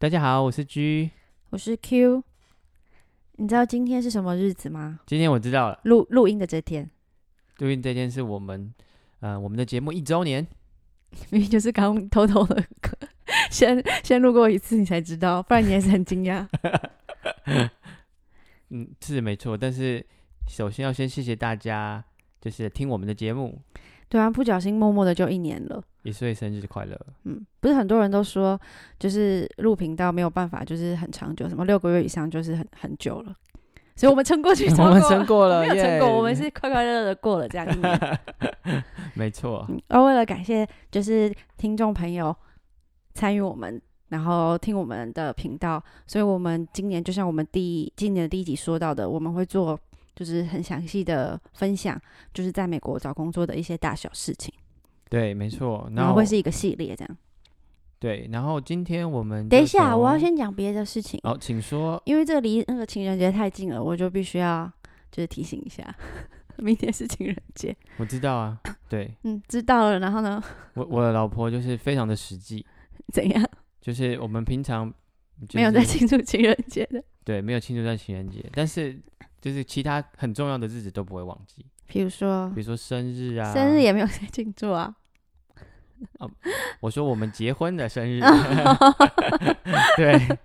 大家好，我是 G，我是 Q。你知道今天是什麼日子嗎？今天我知道了，錄錄音的這天，錄音這天是我們，呃，我們的節目一周年。明明就是剛偷偷的，先先錄過一次，你才知道，不然你也是很驚訝。 嗯，是沒錯，但是首先要先謝謝大家，就是聽我們的節目。對啊，不小心默默的就一年了。一歲生日快樂！嗯，不是很多人都說，就是錄頻道沒有辦法，就是很長久，什麼六個月以上就是很很久了。所以我們撐過去過， 我們撐過了，沒有撐過，耶我們是快快樂樂的過了這樣子。 沒錯錯。那、嗯、為了感謝，就是聽眾朋友參與我們，然後聽我們的頻道，所以我們今年就像我們第一今年的第一集說到的，我們會做就是很詳細的分享，就是在美國找工作的一些大小事情。對，沒錯，然後我會是一個系列這樣。對，然後今天我們等一下，我要先講別的事情。哦，請說。因為這個離那個情人節太近了，我就必須要就是提醒一下， 明天是情人節。我知道啊，對，嗯，知道了。然後呢？我我的老婆就是非常的實際。怎樣？就是我們平常沒有在慶祝情人節的。對，沒有慶祝在情人節，但是就是其他很重要的日子都不會忘記。比如說，比如說生日啊，生日也沒有誰慶祝啊，啊。我說我們結婚的生日， 對。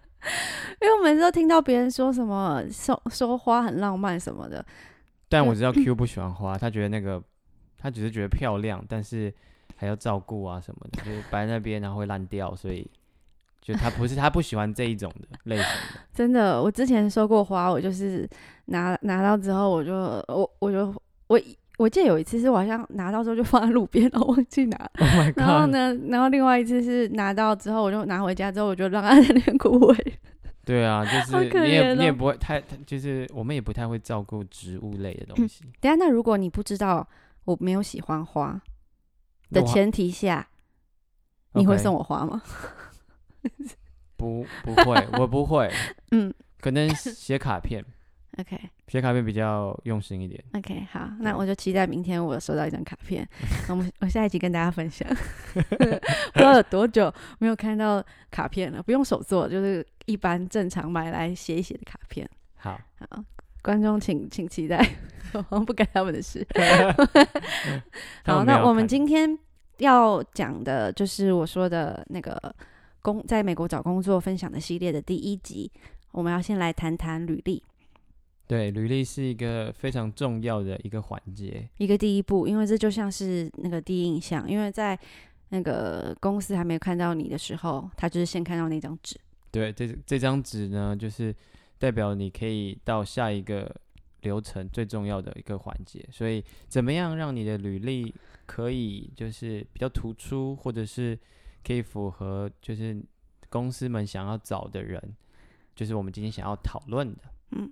因為我每次都聽到別人說什麼說說花很浪漫什麼的，但我知道 Q 不喜歡花，嗯、他覺得那個他只是覺得漂亮，但是還要照顧啊什麼，的。就是擺在那邊然後會爛掉，所以就他不是 他不喜歡這一種的類型的。真的，我之前收過花，我就是拿拿到之後我就我我就。我我記得有一次是我好像拿到之後就放在路邊了，然後忘記拿。Oh、然後呢，然後另外一次是拿到之後，我就拿回家之後，我就讓他在那邊枯萎。對啊，就是你也你也，你也不會太，就是我們也不太會照顧植物類的東西。嗯、等下，那如果你不知道我沒有喜歡花的前提下，嗯、你會送我花嗎？Okay. 不，不會，我不會。 嗯，可能寫卡片。OK，寫卡片比較用心一點。OK，好，那我就期待明天我收到一張卡片，嗯、我們我下一集跟大家分享。不知道 有多久沒有看到卡片了？不用手做，就是一般正常買來寫一寫的卡片。好，好，觀眾請請期待， 不干他們的事。 好，好，那我們今天要講的就是我說的那個工在美國找工作分享的系列的第一集，我們要先來談談履歷。對，履歷是一個非常重要的一個環節，一個第一步，因為這就像是那個第一印象，因為在那個公司還沒有看到你的時候，他就是先看到那張紙。對，這這張紙呢，就是代表你可以到下一個流程最重要的一個環節。所以，怎麼樣讓你的履歷可以就是比較突出，或者是可以符合就是公司們想要找的人，就是我們今天想要討論的，嗯。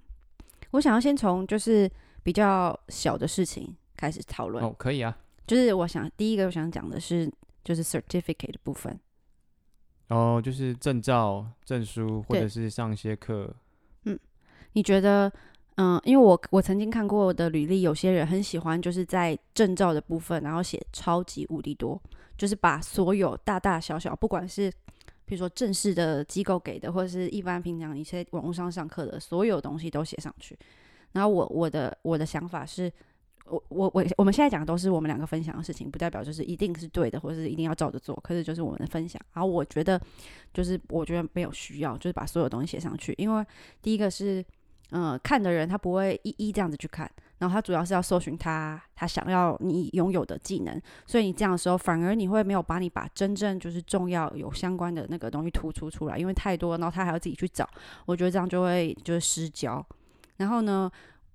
我想要先從就是比較小的事情開始討論哦，可以啊。就是我想第一個我想講的是就是 certificate 的部分，哦，就是證照、證書或者是上一些課。嗯，你覺得嗯，因為我我曾經看過的履歷，有些人很喜歡就是在證照的部分，然後寫超級無敵多，就是把所有大大小小，不管是。比如說正式的機構給的，或者是一般平常一些網絡上上課的所有東西都寫上去。然後我我的我的想法是，我我我我們現在講的都是我們兩個分享的事情，不代表就是一定是對的，或者是一定要照着做，可是就是我們的分享。然後我覺得就是我覺得沒有需要，就是把所有東西寫上去，因為第一個是嗯、呃，看的人他不會一一這樣子去看。然後他主要是要搜尋他他想要你擁有的技能，所以你這樣的時候，反而你會沒有把你把真正就是重要有相關的那個東西突出出來，因為太多，然後他還要自己去找，我覺得這樣就會就是失焦。然後呢？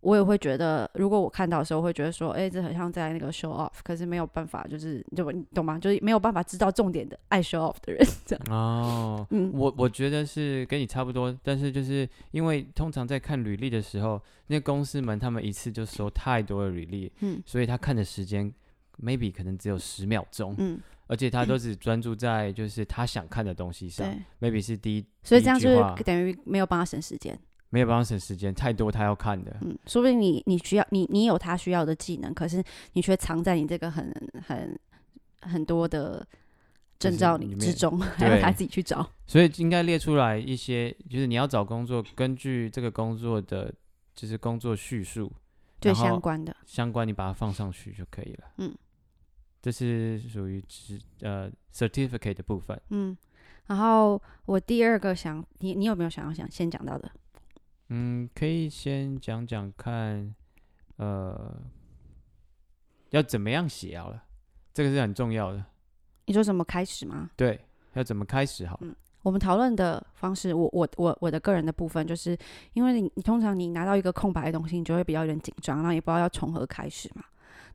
我也會覺得，如果我看到的時候，我會覺得說，哎、欸，這很像在那個 show off，可是沒有辦法，就是就你懂嗎？就是沒有辦法知道重點的愛 show off 的人這樣。哦，嗯、我我覺得是跟你差不多，但是就是因為通常在看履歷的時候，那個、公司們他們一次就收太多的履歷，嗯，所以他看的時間 maybe 可能只有十秒鐘，嗯，而且他都只專注在就是他想看的東西上對，maybe 是第一，嗯、第一所以這樣就等於沒有幫他省時間。沒有辦法省時間，太多他要看的。嗯，說不定你你需要你你有他需要的技能，可是你卻藏在你這個很很很多的證照之中，還要他自己去找。所以應該列出來一些，就是你要找工作，根據這個工作的就是工作敘述，最對相關的相關，你把它放上去就可以了。嗯，這是屬於執呃 certificate 的部分。嗯，然後我第二個想，你你有沒有想要想先講到的？嗯，可以先講講看，呃，要怎麼樣寫好了，這個是很重要的。你說怎麼開始嗎？對，要怎麼開始好？嗯，我們討論的方式，我我我我的個人的部分，就是因為你通常你拿到一個空白的東西，你就會比較有點緊張，然後也不知道要從何開始嘛。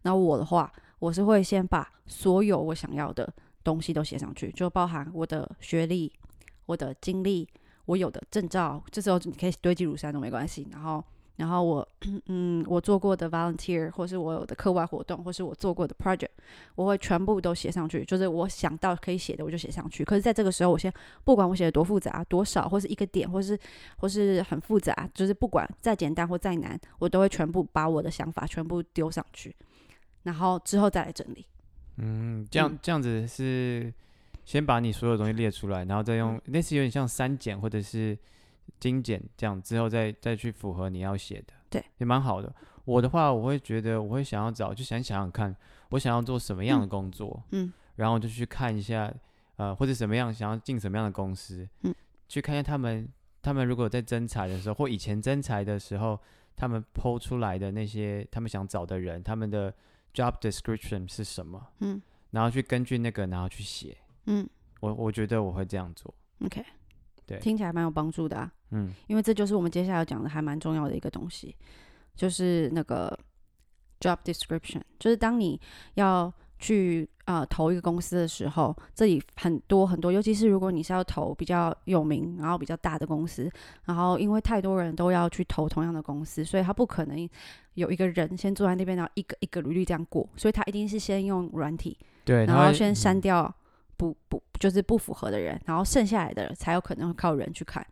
那我的話，我是會先把所有我想要的東西都寫上去，就包含我的學歷、我的經歷。我有的證照，這時候你可以堆積如山都沒關係。然後，然後我，嗯，我做過的 volunteer 或是我有的課外活動，或是我做過的 project，我會全部都寫上去。就是我想到可以寫的，我就寫上去。可是，在這個時候，我先不管我寫的多複雜、多少，或是一個點，或是或是很複雜，就是不管再簡單或再難，我都會全部把我的想法全部丟上去，然後之後再來整理。嗯，這樣這樣子是。嗯先把你所有東西列出來，嗯、然後再用類似、嗯、有點像刪減或者是精簡這樣，之後再再去符合你要寫的，對，也蠻好的。我的話，我會覺得我會想要找，就想想想看我想要做什麼樣的工作，嗯，嗯然後就去看一下，呃，或者什麼樣，想要進什麼樣的公司，嗯，去看一下他們，他們如果在徵才的時候或以前徵才的時候，他們拋出來的那些他們想找的人，他們的 job description 是什麼，嗯，然後去根據那個，然後去寫。嗯，我我覺得我會這樣做。OK，對，聽起來蠻有幫助的啊。嗯，因為這就是我們接下來講的還蠻重要的一個東西，就是那個 job description。就是當你要去啊、呃、投一個公司的時候，這裡很多很多，尤其是如果你是要投比較有名然後比較大的公司，然後因為太多人都要去投同樣的公司，所以他不可能有一個人先坐在那邊，然後一個一個履歷這樣過，所以他一定是先用軟體，對，然後先刪掉，嗯。不不，就是不符合的人，然後剩下來的人才有可能會靠人去看。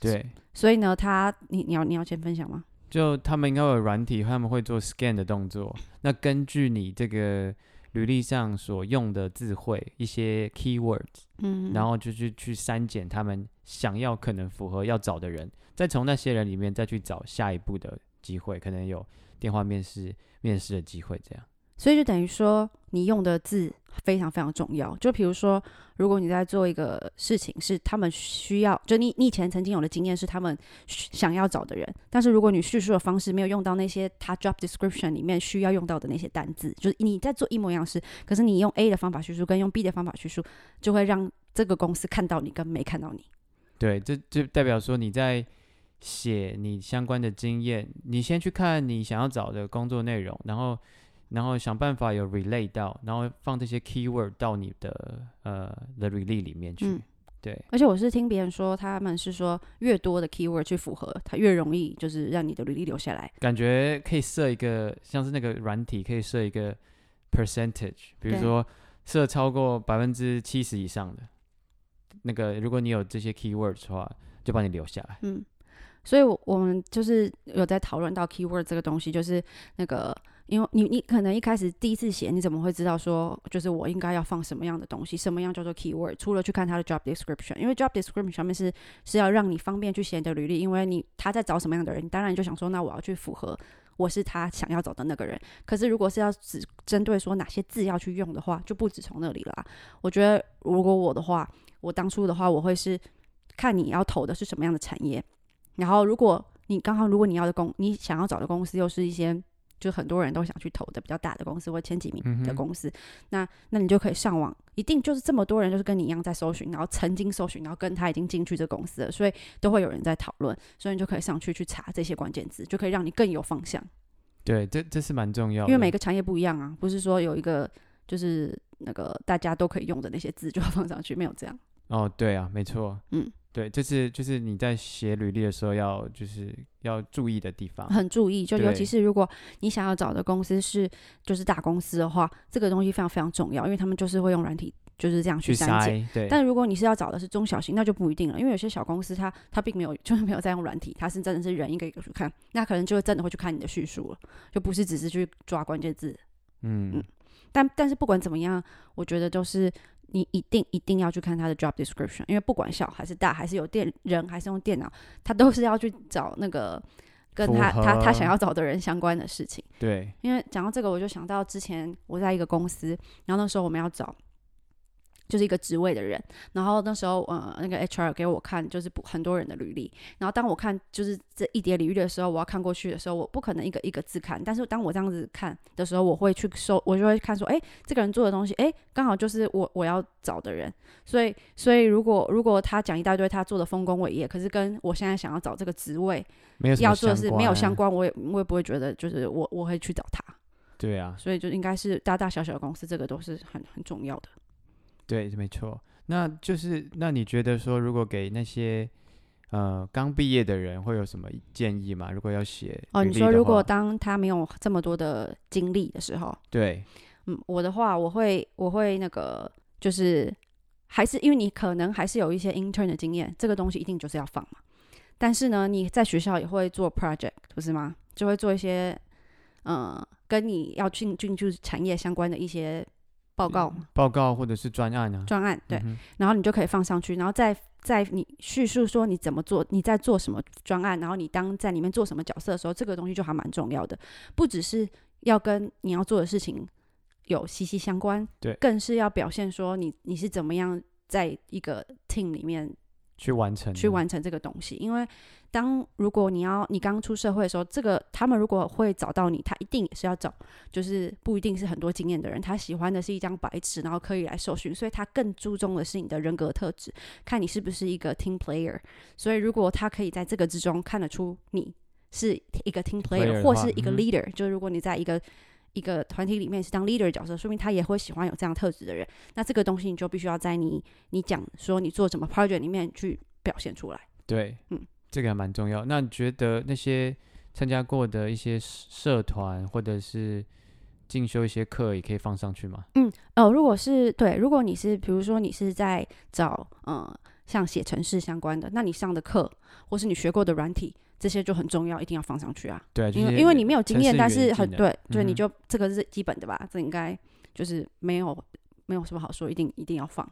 對。所以呢，他你你要你要先分享嗎？就他們應該有軟體，他們會做 scan 的動作。那根據你這個履歷上所用的字彙，一些 keywords，嗯哼，然後就去去刪減他們想要可能符合要找的人，再從那些人裡面再去找下一步的機會，可能有電話面試面試的機會這樣。所以就等於說，你用的字非常非常重要。就比如說，如果你在做一個事情，是他們需要，就你你以前曾經有的經驗是他們想要找的人，但是如果你敘述的方式沒有用到那些他 job description 裡面需要用到的那些單字，就是你在做一模一樣事，可是你用 A 的方法敘述，跟用 B 的方法敘述，就會讓這個公司看到你跟沒看到你。對，這就代表說你在寫你相關的經驗，你先去看你想要找的工作內容，然後。然後想辦法有 relay 到，然後放這些 keyword 到你的呃 the 履歷裡面去。嗯、對。而且我是聽別人說，他們是說越多的 keyword 去符合，它越容易就是讓你的履歷留下來。感覺可以設一個，像是那個軟體可以設一個 percentage，比如說設超過百分之七十以上的對那個，如果你有這些 keyword 的話，就幫你留下來。嗯。所以，我我們就是有在討論到 keyword 這個東西，就是那個。因為你，你可能一開始第一次寫，你怎麼會知道說，就是我應該要放什麼樣的東西？什麼樣叫做 keyword？除了去看他的 job description，因為 job description 上面是是要讓你方便去寫你的履歷，因為你他在找什麼樣的人，當然你就想說，那我要去符合，我是他想要找的那個人。可是如果是要只針對說哪些字要去用的話，就不止從那裡啦。我覺得如果我的話，我當初的話，我會是看你要投的是什麼樣的產業，然後如果你剛好如果你要的公，你想要找的公司又是一些。就很多人都想去投的比較大的公司或前幾名的公司，嗯哼。那那你就可以上網，一定就是這麼多人就是跟你一樣在搜尋，然後曾經搜尋，然後跟他已經進去這公司了，所以都會有人在討論，所以你就可以上去去查這些關鍵字，就可以讓你更有方向。對，這這是蠻重要，因為每個產業不一樣啊，不是說有一個就是那個大家都可以用的那些字就要放上去，沒有這樣。哦，對啊，沒錯，嗯，對，這、就是就是你在寫履歷的時候要就是要注意的地方，很注意，就尤其是如果你想要找的公司是就是大公司的話，對這個東西非常非常重要，因為他們就是會用軟體就是這樣去篩，對。但如果你是要找的是中小型，那就不一定了，因為有些小公司他他並沒有就是沒有在用軟體，他是真的是人一個一個去看，那可能就真的會去看你的敘述了，就不是只是去抓關鍵字，嗯，嗯。但但是不管怎麼樣，我覺得就是。你一定一定要去看他的 job description，因為不管小還是大，還是有電人還是用電腦，他都是要去找那個跟他不和他他想要找的人相關的事情。對，因為講到這個，我就想到之前我在一個公司，然後那時候我們要找。就是一個職位的人，然後那時候，呃，那個 HR 給我看，就是很多人的履歷。然後當我看就是這一疊履歷的時候，我要看過去的時候，我不可能一個一個字看。但是當我這樣子看的時候，我會去搜，我就會看說，哎，這個人做的東西，哎，剛好就是我我要找的人。所以，所以如果如果他講一大堆他做的豐功偉業，可是跟我現在想要找這個職位，沒有要做的事沒有相關，啊、我也我也不會覺得就是我我會去找他。對啊，所以就應該是大大小小的公司，這個都是很很重要的。對，沒錯。那就是，那你覺得說，如果給那些呃剛畢業的人，會有什麼建議嗎？如果要寫履歷的話？哦，你說如果當他沒有這麼多的經歷的時候，對，嗯，我的話，我會，我會那個，就是還是因為你可能還是有一些 intern 的經驗，這個東西一定就是要放嘛。但是呢，你在學校也會做 project，不是嗎？就會做一些嗯、呃、跟你要進進入產業相關的一些。報告，報告或者是專案啊，專案對，嗯、哼然後你就可以放上去，然後再再你敘述說你怎麼做，你在做什麼專案，然後你當在裡面做什麼角色的時候，這個東西就還蠻重要的，不只是要跟你要做的事情有息息相關，對，更是要表現說你你是怎麼樣在一個 team 裡面。去完成去完成這個東西，因為當如果你要你剛出社會的時候，這個他們如果會找到你，他一定也是要找，就是不一定是很多經驗的人，他喜歡的是一張白紙，然後可以來受訓，所以他更注重的是你的人格特質，看你是不是一個 team player。所以如果他可以在這個之中看得出你是一個 team player、player 或是一個 leader，、嗯、就是如果你在一個一個團體裡面是當 leader 的角色，說明他也會喜歡有這樣特質的人。那這個東西你就必須要在你你講說你做什麼 project 裡面去表現出來。對，嗯，這個還蠻重要。那你覺得那些參加過的一些社團或者是進修一些課也可以放上去嗎？嗯，哦，如果是對，如果你是比如說你是在找呃像寫程式相關的，那你上的課或是你學過的軟體。這些就很重要，一定要放上去啊！因為、就是、因為你沒有經驗，但是很對，嗯、哼對，你就這個是基本的吧？這應該就是沒有沒有什麼好說，一定一定要放。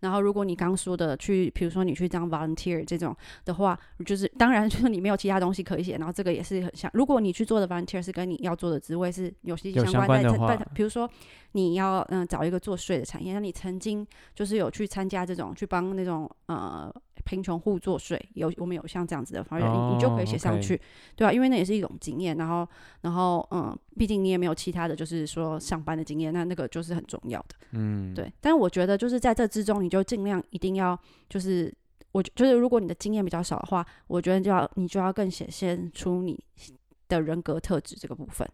然後，如果你剛說的去，比如說你去當 volunteer 這種的話，就是當然就是你沒有其他東西可以寫。然後這個也是很像。如果你去做的 volunteer 是跟你要做的職位是有些息息相關，相關的但但比如說你要嗯、呃、找一個做稅的產業，那你曾經就是有去參加這種去幫那種呃。貧窮互作稅有我們有像這樣子的方法，人、oh,，你就可以寫上去，okay. 對啊，因為那也是一種經驗。然後，然後，嗯，畢竟你也沒有其他的就是說上班的經驗，那那個就是很重要的，嗯，mm. 對。但我覺得就是在這之中，你就盡量一定要就是我就是如果你的經驗比較少的話，我覺得就要你就要更顯現出你的人格特質這個部分，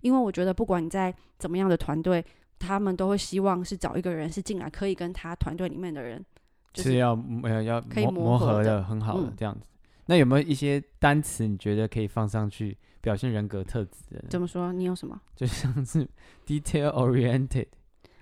因為我覺得不管你再怎麼樣的團隊，他們都會希望是找一個人是進來可以跟他團隊裡面的人。是要沒有要磨磨合的很好的、嗯、這樣子，那有沒有一些單詞你覺得可以放上去表現人格特質的？怎麼說？你有什麼？就像是 detail oriented。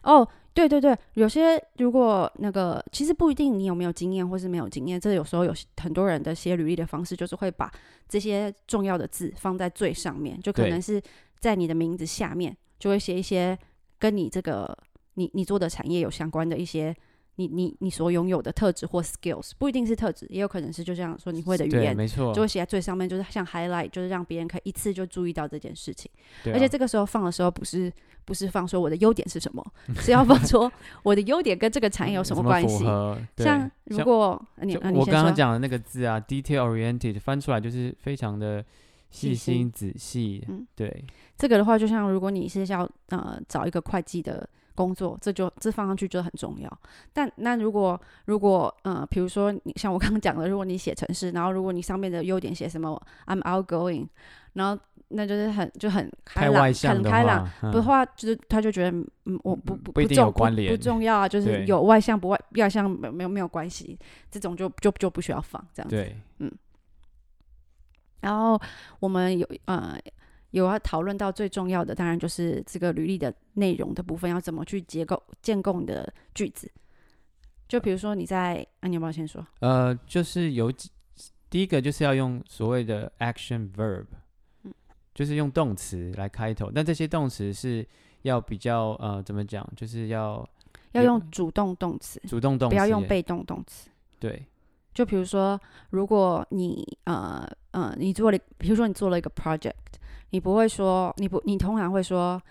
哦，oh, 對對對，有些如果那個其實不一定你有沒有經驗或是沒有經驗，這有時候有很多人的寫履歷的方式就是會把這些重要的字放在最上面，就可能是在你的名字下面就會寫一些跟你這個你你做的產業有相關的一些。你你你所擁有的特質或 skills，不一定是特質，也有可能是就像說你會的語言，沒錯，就會寫在最上面，就是像 highlight，就是讓別人可以一次就注意到這件事情。對啊、而且這個時候放的時候，不是不是放說我的優點是什麼， 是要放說我的優點跟這個產業有什麼關係。嗯、符合、像如果像、啊、你我剛剛講的那個字啊，detail oriented 翻出來就是非常的細心，細心仔細。嗯。對嗯。這個的話，就像如果你是要呃找一個會計的。工作，這就這放上去就很重要。但那如果如果呃，比如說你像我剛剛講的，如果你寫程式，然後如果你上面的優點寫什麼，I'm outgoing，然後那就是很就很開朗，很開朗，嗯、不的話就是他就覺得嗯，我不不不重不一定有關不,不重要啊，就是有外向不外外向沒有沒有關係，對這種就就就不需要放這樣子，對嗯。然後我們有呃。有要討論到最重要的，當然就是這個履歷的內容的部分，要怎麼去結構建構你的句子。就比如說，你在，啊、你有沒有先說。呃，就是有第一個就是要用所謂的 action verb，嗯，就是用動詞來開頭。那這些動詞是要比較呃，怎麼講，就是要要用主動動詞，主動動，不要用被動動詞。對，就比如說，如果你呃呃，你做了，比如說你做了一個 project。你不會說，你不，你通常會說，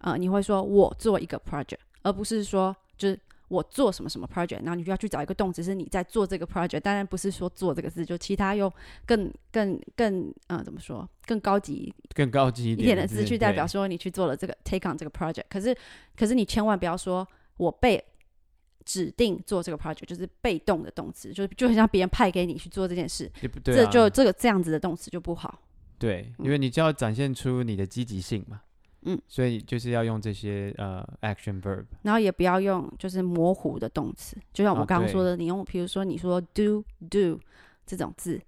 呃，你會說我做一個 project，而不是說就是我做什麼什麼 project，然後你就要去找一個動詞，是你在做這個 project。當然不是說做這個字，就其他用更更更呃怎麼說，更高級更高級一點的詞對去代表說你去做了這個 take on 這個 project。可是可是你千萬不要說我被指定做這個 project，就是被動的動詞，就就很像別人派給你去做這件事，啊、這就這個這樣子的動詞就不好。對，因為你就要展現出你的積極性嘛，嗯，所以就是要用這些呃、uh, action verb，然後也不要用就是模糊的動詞，就像我剛剛說的，哦、你用比如說你說 do do 這種字，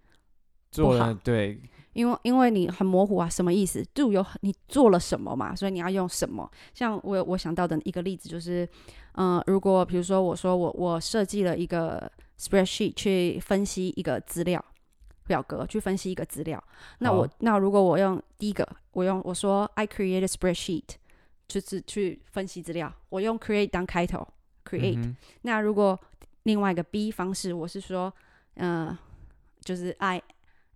做了不好對，因為因為你很模糊啊，什麼意思？do 有你做了什麼嘛？所以你要用什麼？像我我想到的一個例子就是，嗯、呃，如果比如說我說我我設計了一個 spreadsheet 去分析一個資料。表格去分析一個資料，那我、oh. 那如果我用第一個，我用我說 I create a spreadsheet，就是去分析資料，我用 create 當開頭 create。Mm hmm. 那如果另外一個 B 方式，我是說，嗯、呃，就是 I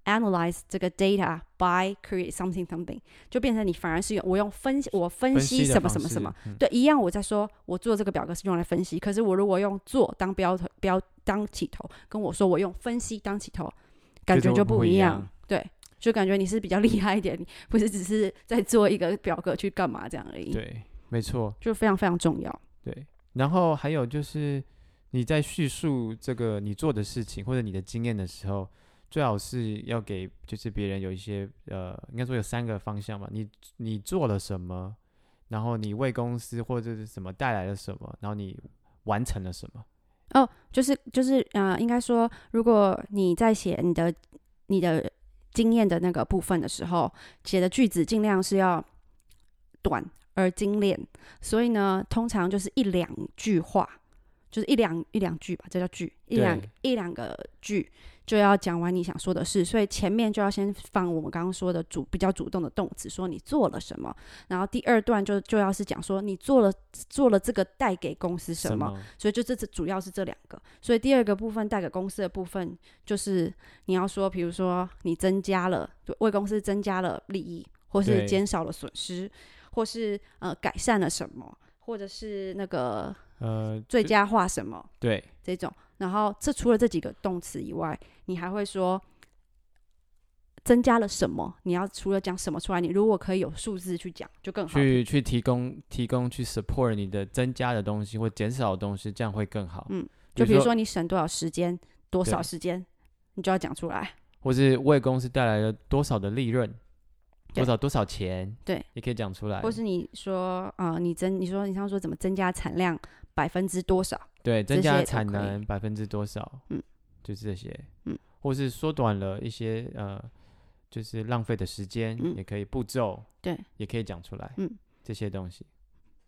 analyze 這個 data by create something something，就變成你反而是用我用分析我分析什麼什麼什麼，對，一樣我在說我做這個表格是用來分析，嗯、可是我如果用做當標頭標當起頭，跟我說我用分析當起頭。感覺就不一樣，一樣，對，就感覺你是比較厲害一點，嗯、不是只是在做一個表格去幹嘛這樣而已。對，沒錯，就非常非常重要。對，然後還有就是你在敘述這個你做的事情或者你的經驗的時候，最好是要給就是別人有一些呃，應該說有三個方向吧。你你做了什麼，然後你為公司或者是什麼帶來了什麼，然後你完成了什麼。哦，oh, 就是就是，呃，應該說，如果你在寫你的你的經驗的那個部分的時候，寫的句子盡量是要短而精煉，所以呢，通常就是一兩句話。就是一兩一兩句吧，這叫句，一兩對一兩個句就要講完你想說的事。所以前面就要先放我們剛剛說的主比較主動的動詞，說你做了什麼，然後第二段就就要是講說你做了做了這個帶給公司什麼，什麼，所以就這次主要是這兩個，所以第二個部分帶給公司的部分就是你要說，比如說你增加了為公司增加了利益，或是減少了損失，對或是呃改善了什麼。或者是那個呃，最佳化什麼、呃，對，對這種。然後這除了這幾個動詞以外，你還會說增加了什麼？你要除了講什麼出來，你如果可以有數字去講，就更好。去去提供提供去 support 你的增加的東西或減少的東西，這樣會更好。嗯，就比如說，比如說你省多少時間，多少時間，對你就要講出來，或是為公司帶來了多少的利潤。對多少多少錢？對，也可以講出來。或是你說，啊、呃，你增，你說你想說怎麼增加產量百分之多少？對，增加產能百分之多少？嗯，就這些。嗯，或是縮短了一些呃，就是浪費的時間，嗯、也可以步驟，對，也可以講出來。嗯，這些東西，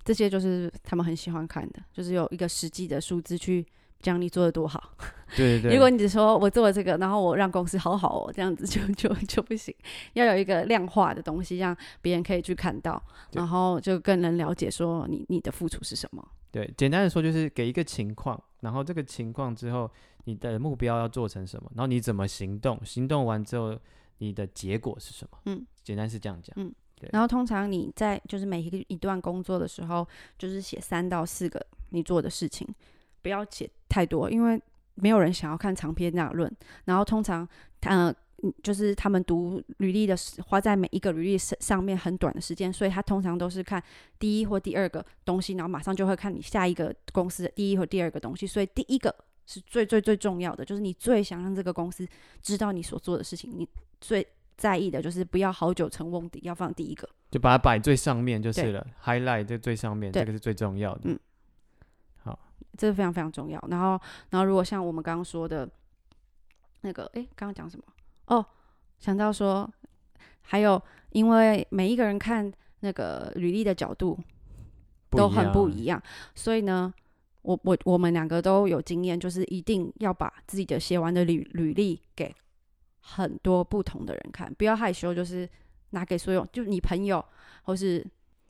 這些就是他們很喜歡看的，就是有一個實際的數字去。講你做的多好，對對對。 如果你只說我做了這個，然後我讓公司好好、哦，這樣子就就就不行。要有一個量化的東西，讓別人可以去看到，對然後就更能了解說你你的付出是什麼。對，簡單的說就是給一個情況，然後這個情況之後，你的目標要做成什麼，然後你怎麼行動，行動完之後你的結果是什麼。嗯，簡單是這樣講。嗯，對。然後通常你在就是每一個一段工作的時候，就是寫三到四個你做的事情。不要寫太多，因為沒有人想要看長篇大論。然後通常他，嗯，就是他們讀履歷的時花在每一個履歷上上面很短的時間，所以他通常都是看第一或第二個東西，然後馬上就會看你下一個公司的第一或第二個東西。所以第一個是最最最重要的，就是你最想讓這個公司知道你所做的事情，你最在意的就是不要好酒沉甕底，要放第一個，就把它擺最上面就是了對，highlight 在最上面，對這個是最重要的。嗯。好，這個非常非常重要。然後，然後如果像我們剛剛說的，那個，哎，剛剛講什麼？哦，想到說，還有，因為每一個人看那個履歷的角度都很不一樣，不一樣。所以呢，我我我們兩個都有經驗，就是一定要把自己的寫完的履履歷給很多不同的人看，不要害羞，就是拿給所有，就你朋友或是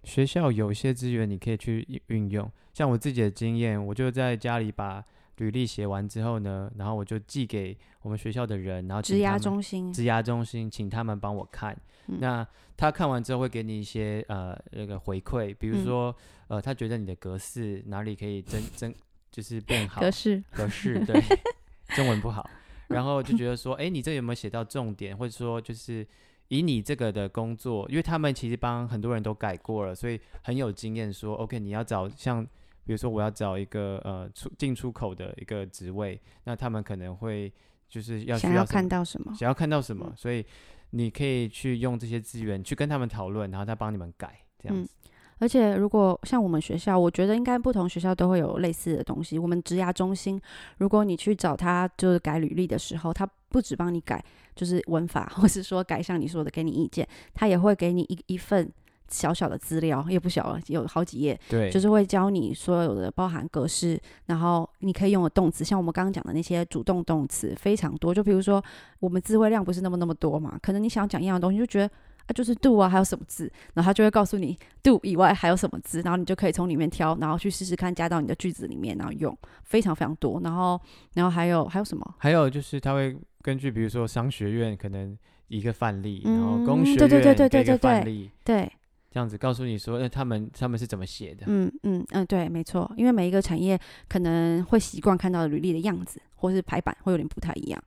學校有一些資源，你可以去運用。像我自己的經驗，我就在家裡把履歷寫完之後呢，然後我就寄給我們學校的人，然後職涯中心，職涯中心請他們幫我看。嗯、那他看完之後會給你一些呃那個回饋，比如說、嗯、呃他覺得你的格式哪裡可以真 真就是變好，格式格式對， 中文不好，然後就覺得說哎、欸、你這有沒有寫到重點，或者說就是以你這個的工作，因為他們其實幫很多人都改過了，所以很有經驗說 OK 你要找像。比如說我要找一個呃出進出口的一個職位，那他們可能會就是要，要想要看到什麼，想要看到什麼，嗯、所以你可以去用這些資源去跟他們討論，然後再幫你們改這樣子、嗯。而且如果像我們學校，我覺得應該不同學校都會有類似的東西。我們職涯中心，如果你去找他就是改履歷的時候，他不只幫你改就是文法，或是說改像你說的給你意見，他也會給你一一份。小小的資料也不小了，有好幾頁。對，就是會教你所有的包含格式，然後你可以用的動詞，像我們剛剛講的那些主動動詞非常多。就比如說我們詞彙量不是那麼那麼多嘛，可能你想講一樣的東西就覺得啊，就是 do 啊，還有什麼字？然後他就會告訴你 do 以外還有什麼字，然後你就可以從裡面挑，然後去試試看加到你的句子裡面然後用，非常非常多。然後，然後還有還有什麼？還有就是他會根據比如說商學院可能一個範例，嗯、然後公學院一個範例，對對對對對對，對。這樣子告訴你說，那他們他們是怎麼寫的？嗯嗯嗯，對，沒錯，因為每一個產業可能會習慣看到履歷的樣子，或是排版會有點不太一樣。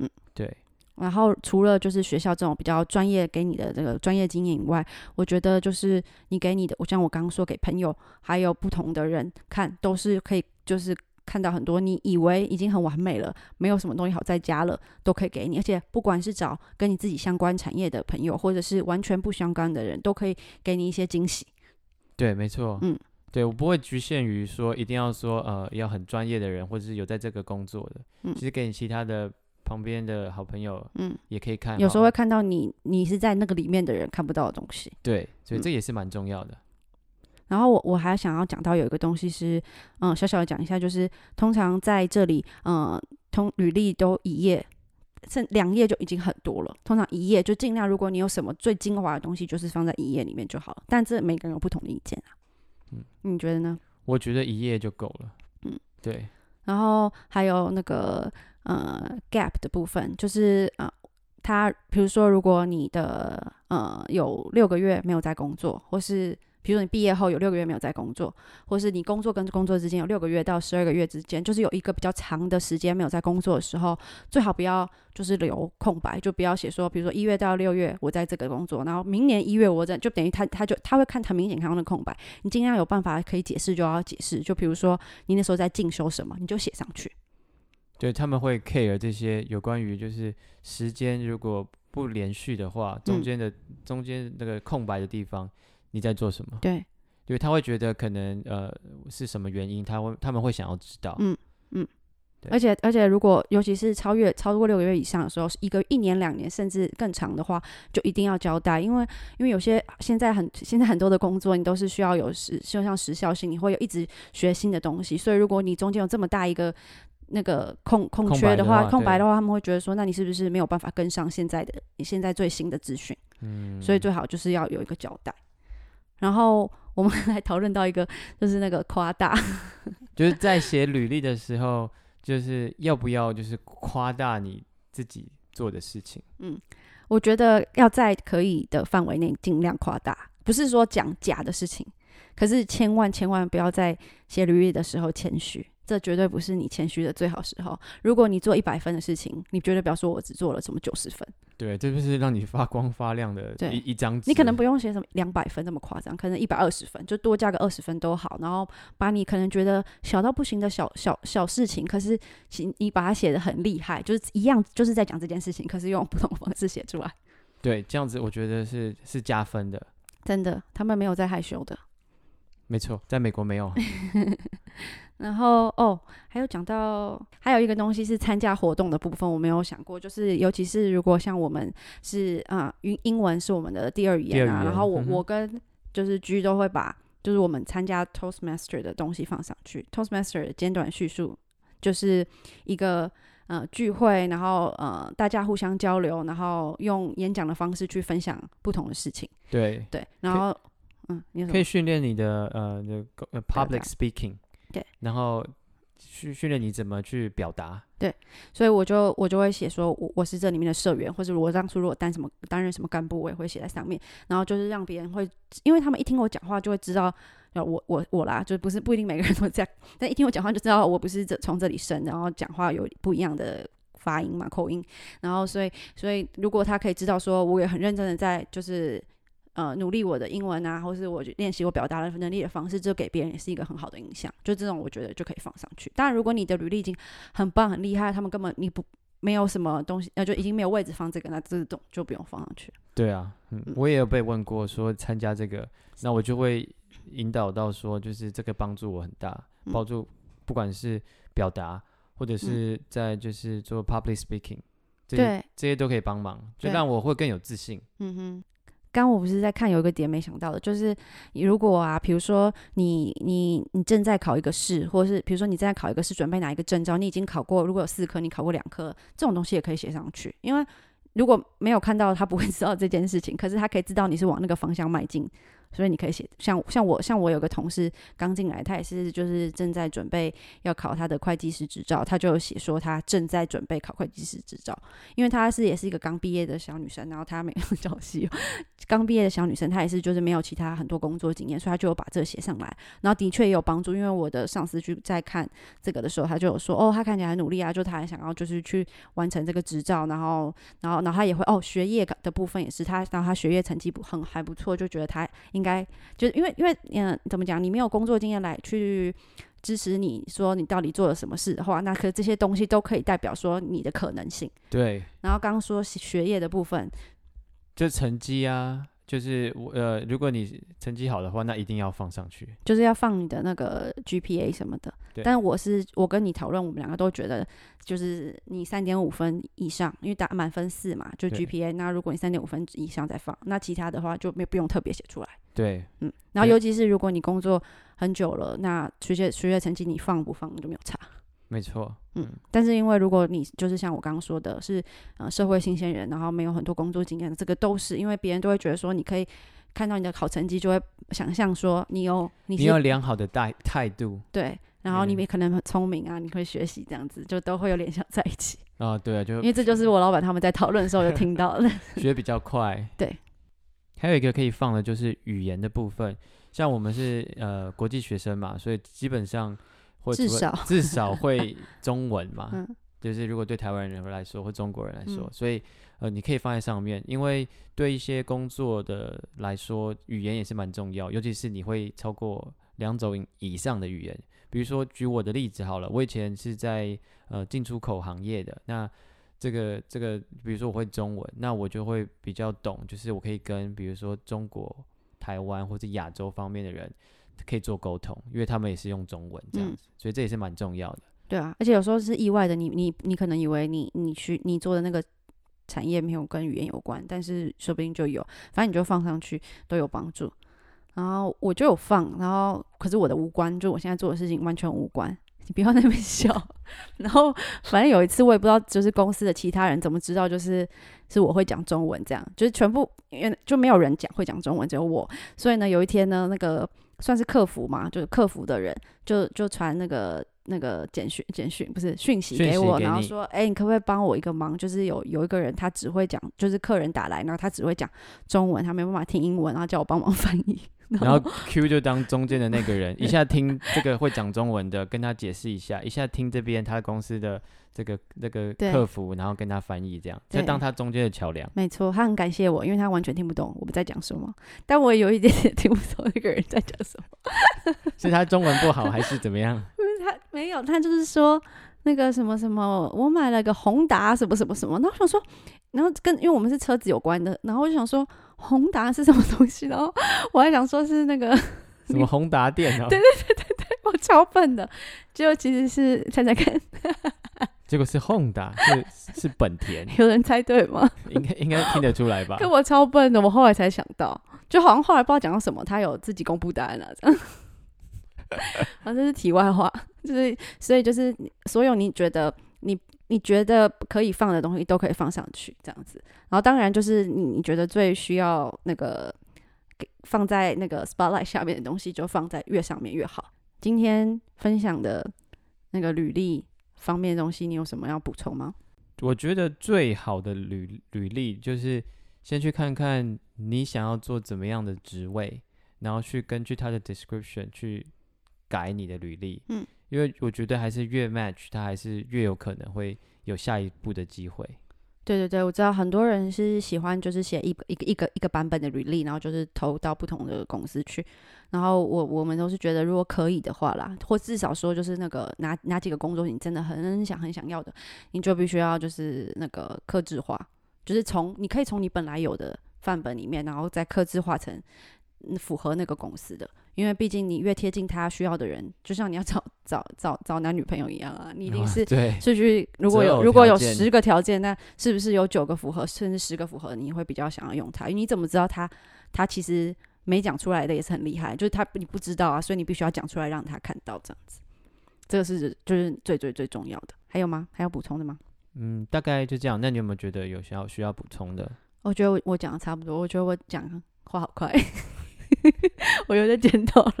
嗯，對。然後除了就是學校這種比較專業給你的這個專業經驗以外，我覺得就是你給你的，我像我剛剛說給朋友，還有不同的人看，都是可以就是。看到很多你以為已經很完美了，沒有什麼東西好再加了，都可以給你。而且不管是找跟你自己相關產業的朋友，或者是完全不相干的人，都可以給你一些驚喜。對，沒錯，嗯，對，我不會局限於說一定要說呃要很專業的人，或者是有在這個工作的，嗯，其實給你其他的旁邊的好朋友，嗯，也可以看。有時候會看到你你是在那個裡面的人看不到的東西。對，所以這也是蠻重要的。嗯然後我我還想要講到有一個東西是，嗯，小小的講一下，就是通常在這裡，嗯、呃，通履歷都一頁，剩兩頁就已經很多了。通常一頁就儘量，如果你有什麼最精華的東西，就是放在一頁裡面就好了。但這每個人有不同的意見啊，嗯，你覺得呢？我覺得一頁就夠了。嗯，對。然後還有那個呃 gap 的部分，就是啊、呃，他比如說如果你的呃有六個月沒有在工作，或是。比如說你畢業後有六個月沒有在工作，或是你工作跟工作之間有六個月到十二個月之間，就是有一個比較長的時間沒有在工作的時候，最好不要就是留空白，就不要寫說，比如說一月到六月我在這個工作，然後明年一月我在，就等於他他就他會看他明顯看到那空白，你盡量有辦法可以解釋就要解釋，就比如說你那時候在進修什麼，你就寫上去。對，他們會 care 這些有關於就是時間如果不連續的話，中間的、嗯、中間那個空白的地方。你在做什麼？對，對他會覺得可能呃是什麼原因，他會他們會想要知道。嗯嗯，嗯對而且而且如果尤其是超越超過六個月以上的時候，一個一年兩年甚至更長的話，就一定要交代，因為因為有些現在很現在很多的工作，你都是需要有時就像時效性，你會有一直學新的東西，所以如果你中間有這麼大一個那個空空缺的話，空白的話，的話對他們會覺得說，那你是不是沒有辦法跟上現在的你現在最新的資訊？嗯，所以最好就是要有一個交代。然後我們還討論到一個，就是那個誇大，就是在寫履歷的時候，就是要不要就是誇大你自己做的事情？ 嗯，我覺得要在可以的範圍內盡量誇大，不是說講假的事情。可是千萬千萬不要在寫履歷的時候謙虛，這絕對不是你謙虛的最好時候。如果你做一百分的事情，你絕對不要說“我只做了什麼九十分”。對，這就是讓你發光發亮的一對一張紙。你可能不用寫什麼兩百分那麼誇張，可能一百二十分就多加個二十分都好。然後把你可能覺得小到不行的小小小事情，可是請你把它寫得很厲害，就是一樣就是在講這件事情，可是用不同的方式寫出來。對，這樣子我覺得是是加分的。真的，他們沒有在害羞的。沒錯，在美國沒有。 然後哦，還有講到還有一個東西是參加活動的部分，我沒有想過，就是尤其是如果像我們是啊英、呃、英文是我們的第二語言啊，言然後我、嗯、哼我跟就是居都會把就是我們參加 Toastmaster 的東西放上去。嗯、哼 Toastmaster 的簡短敘述就是一個呃聚會，然後呃大家互相交流，然後用演講的方式去分享不同的事情。對對，然後。嗯，你可以訓練你的呃，uh，那個 public speaking，對，okay. 然後訓訓練你怎麼去表達，對，所以我就我就會寫說我，我我是這裡面的社員，或者我當初如果擔什麼擔任什麼幹部，我也會寫在上面，然後就是讓別人會，因為他們一聽我講話就會知道，我我我啦，就不是不一定每個人都這樣。但一聽我講話就知道我不是這從這裡生，然後講話有不一樣的發音嘛口音，然後所以所以如果他可以知道說，我也很認真的在就是。呃，努力我的英文啊，或是我練習我表達的能力的方式，就給別人也是一個很好的印象。就這種，我覺得就可以放上去。當然，如果你的履歷已經很棒，很厲害，他們根本你不沒有什麼東西，那、呃、就已經沒有位置放這個，那這種就不用放上去。對啊，嗯嗯、我也有被問過說，參加這個，嗯、那我就會引導到說，就是這個幫助我很大，嗯、幫助不管是表達，或者是在就是做 public speaking，、嗯、這對這些都可以幫忙，就讓我會更有自信。嗯哼。剛我不是在看有一個點沒想到的，就是如果啊，比如說你你你正在考一個試，或者是比如說你正在考一個試，準備哪一個證照，你已經考過，如果有四科，你考過兩科，這種東西也可以寫上去，因為如果沒有看到，他不會知道這件事情，可是他可以知道你是往那個方向邁進。所以你可以寫像像我像我有個同事剛進來，他也是就是正在準備要考他的會計師執照，他就有寫說他正在準備考會計師執照，因為他是也是一個剛畢業的小女生，然後她沒有消息， 剛畢業的小女生她也是就是沒有其他很多工作經驗，所以她就有把這寫上來，然後的確也有幫助，因為我的上司去在看這個的時候，他就有說哦，她看起來很努力啊，就她還想要就是去完成這個執照，然後然後然後他也會哦學業的部分也是，他然後他學業成績不很還不錯，就覺得他。應該就是因為因為嗯，怎麼講？你沒有工作經驗來去支持你說你到底做了什麼事的話，那可這些東西都可以代表說你的可能性。對。然後剛剛說學業的部分，就成績啊。就是我呃，如果你成績好的話，那一定要放上去。就是要放你的那個 GPA 什麼的。對但我是我跟你討論，我們兩個都覺得，就是你三點五分以上，因為打滿分四嘛，就 GPA 對。那如果你三點五分以上再放，那其他的話就沒不用特別寫出來。對，嗯。然後尤其是如果你工作很久了，對那學學學業成績你放不放就沒有差。沒錯，嗯，但是因為如果你就是像我剛剛說的是，是呃社會新鮮人，然後沒有很多工作經驗的，這個都是因為別人都會覺得說你可以看到你的好成績，就會想象說你有你有良好的態度，對，然後你可能很聰明啊，你可以學習這樣子，就都會有聯想在一起啊、嗯哦，對啊，就因為這就是我老闆他們在討論的時候就聽到了， 學比較快，對，還有一個可以放的就是語言的部分，像我們是呃國際學生嘛，所以基本上。或至少至少會中文嘛，啊、就是如果對台灣人來說或中國人來說，嗯、所以呃，你可以放在上面，因為對一些工作的來說，語言也是蠻重要，尤其是你會超過兩種以上的語言，比如說舉我的例子好了，我以前是在呃進出口行業的，那這個這個，比如說我會中文，那我就會比較懂，就是我可以跟比如說中國、台灣或者亞洲方面的人。可以做溝通，因為他們也是用中文這樣子，嗯、所以這也是蠻重要的。對啊，而且有時候是意外的，你你你可能以為你你去你做的那個產業沒有跟語言有關，但是說不定就有，反正你就放上去都有幫助。然後我就有放，然後可是我的無關，就我現在做的事情完全無關。你不要那邊笑。 然後反正有一次我也不知道，就是公司的其他人怎麼知道，就是是我會講中文這樣，就是全部因為就沒有人講會講中文，只有我。所以呢，有一天呢，那個。算是客服嘛，就是客服的人就就傳那個那個簡訊簡訊不是訊息給我，給然後說，哎、欸，你可不可以幫我一個忙？就是有有一個人他只會講，就是客人打來，然後他只會講中文，他沒辦法聽英文，然後叫我幫忙翻譯。然後 Q 就當中間的那個人， 一下聽這個會講中文的 跟他解釋一下，一下聽這邊他公司的這個 那個客服，然後跟他翻譯這樣，對就當他中間的橋樑。沒錯，他很感謝我，因為他完全聽不懂我們在講什麼，但我有一點點聽不懂那個人在講什麼，是 他中文不好還是怎麼樣？ 他沒有，他就是說那個什麼什麼，我買了個宏達什麼什麼什麼，然後想說，然後跟因為我們是車子有關的，然後我就想說。宏達是什麼東西？然後我還想說是那個什麼宏達電啊？對 對對對對，我超笨的，結果其實是猜猜看，結果是宏達 是是本田，有人猜對嗎？應該應該聽得出來吧？可我超笨的，我後來才想到，就好像後來不知道講到什麼，他有自己公布答案了，啊，這樣。 啊，這是題外話，就是所以就是所有你覺得你。你覺得可以放的東西都可以放上去，這樣子。然後當然就是你你覺得最需要那個給放在那個 spotlight 下面的東西，就放在越上面越好。今天分享的那個履歷方面的東西，你有什麼要補充嗎？我覺得最好的履履歷就是先去看看你想要做怎麼樣的職位，然後去根據他的 description 去改你的履歷。嗯。因為我覺得還是越 match，它還是越有可能會有下一步的機會。對對對，我知道很多人是喜歡就是寫一一個一個一個版本的履歷，然後就是投到不同的公司去。然後我我們都是覺得，如果可以的話啦，或至少說就是那個哪哪幾個工作，你真的很想很想要的，你就必須要就是那個客製化，就是從你可以從你本來有的範本裡面，然後再客製化成，符合那個公司的，因為畢竟你越貼近他需要的人，就像你要找找找找男女朋友一樣啊，你一定是、哦、對，所以如果有如果有十個條件，那是不是有九個符合，甚至十個符合，你會比較想要用他？因為你怎麼知道他他其實沒講出來的也是很厲害，就是他你不知道啊，所以你必須要講出來讓他看到這樣子。這個是就是最最最重要的。還有嗎？還有補充的嗎？嗯，大概就這樣。那你有沒有覺得有需要需要補充的？我覺得我我講的差不多。我覺得我講話好快。 我有點剪頭了，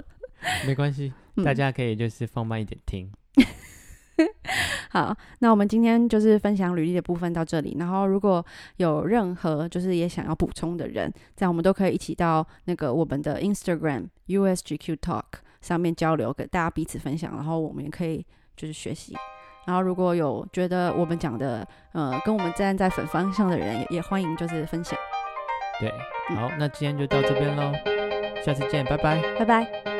沒關係，嗯、大家可以就是放慢一點聽。 好，那我們今天就是分享履歷的部分到這裡。然後如果有任何就是也想要補充的人，這樣我們都可以一起到那個我們的 Instagram USGQ Talk 上面交流，跟大家彼此分享。然後我們也可以就是學習。然後如果有覺得我們講的呃跟我們站在反方向的人，也也歡迎就是分享。對，好，嗯、那今天就到這邊嘍。下次見，拜拜，拜拜。